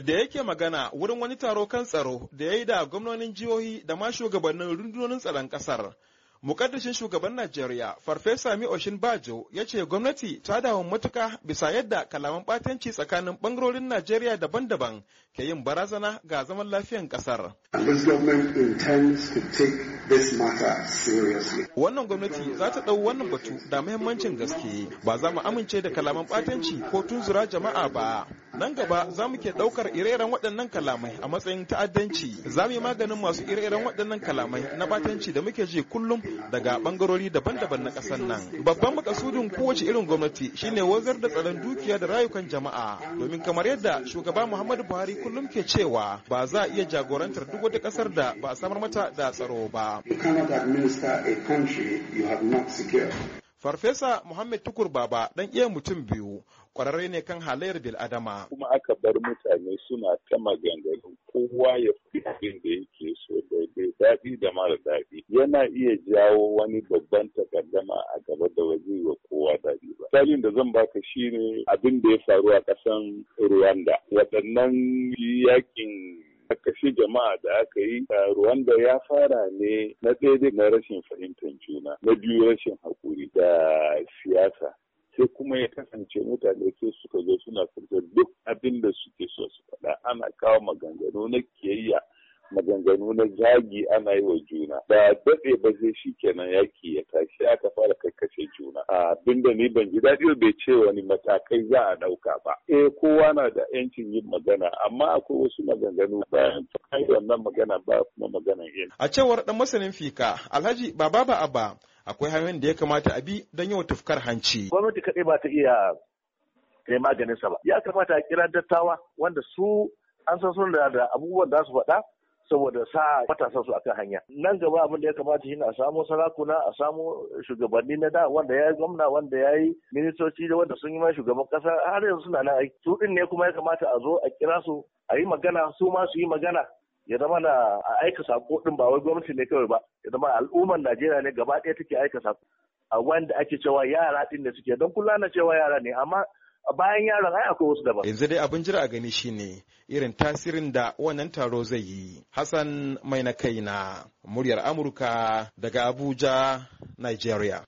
da yake magana wurin wani taro kan tsaro da ya yi da gwamnonin jihohi da ma shugabannin rundunonin tsaron kasar. Mukaddashin shugaban Najeriya, Farfesa Mi Oshin Bajo, ya ce gwamnati ta dawo matuka bisa yadda kalaman batanci tsakanin ɓangarorin Najeriya daban-daban ke yin barazana ga zaman lafiyan ƙasar. Wannan gwamnati za ta ɗau wannan batu da muhimmancin gaske, ba za mu amince da kalaman batanci ko tunzura jama'a ba. Nan gaba za mu ke ɗaukar ire-iren waɗannan kalamai a matsayin ta'addanci. Za mu yi maganin masu ire-iren waɗannan kalamai na batanci da muke ji kullum daga ɓangarori daban-daban na ƙasar nan. Babban makasudin kowace irin gwamnati shine wazar da tsaron dukiya da rayukan jama'a. Domin kamar yadda shugaba Muhammadu Buhari kullum ke cewa ba za a iya jagorantar duk wata ƙasar da ba a samar mata da tsaro ba. Farfesa Muhammad Tukur Baba dan iya mutum biyu kwararre ne kan halayyar bil'adama. Kuma aka bar mutane suna ta maganganu kowa ya fi abin da yake so daidai daɗi da mara daɗi yana iya jawo wani babban takaddama a gaba da waje wa kowa daɗi ba. Misalin da zan baka shine abin da ya faru a ƙasan Rwanda. Waɗannan yakin A kashe jama'a da aka yi a Rwanda ya fara ne na daidai na rashin fahimtar juna, na biyu rashin haƙuri da siyasa. Sai kuma ya kasance mutane sai suka zo suna furta duk abin da suke so su faɗa ana kawo maganganu na kiyayya maganganu na zagi ana yi wa juna ba daɗe ba zai shi kenan yaki ya tashi aka fara kashe juna abinda ni ban ji daɗi bai ce wani matakai za a ɗauka ba eh kowa na da yancin yin magana amma akwai wasu maganganu bayan wannan magana ba kuma maganan yin a cewar dan masanin fika alhaji baba ba abba akwai hanyoyin da ya kamata a bi don yawan tufkar hanci gwamnati kaɗai ba ta iya kai maganin sa ba ya kamata a kira dattawa wanda su an san sun da abubuwan da su faɗa saboda sa matasa su akan hanya nan gaba abin da ya kamata shi a samo sarakuna a samo shugabanni na da wanda ya yi gwamna wanda ya yi ministoci da wanda sun yi ma shugaban kasa har yanzu suna nan aiki su din ne kuma ya kamata a zo a kira su a yi magana su ma su yi magana ya zama na a aika sako din ba wai gwamnati ne kawai ba ya zama al'ummar Najeriya ne gaba ɗaya take aika sako a wanda ake cewa yara din da suke don kula na cewa yara ne amma bayan yaron ai akwai wasu daban yanzu dai abin jira a gani shine irin tasirin da wannan taro zai yi hassan mai na kai na muryar amurka daga abuja nigeria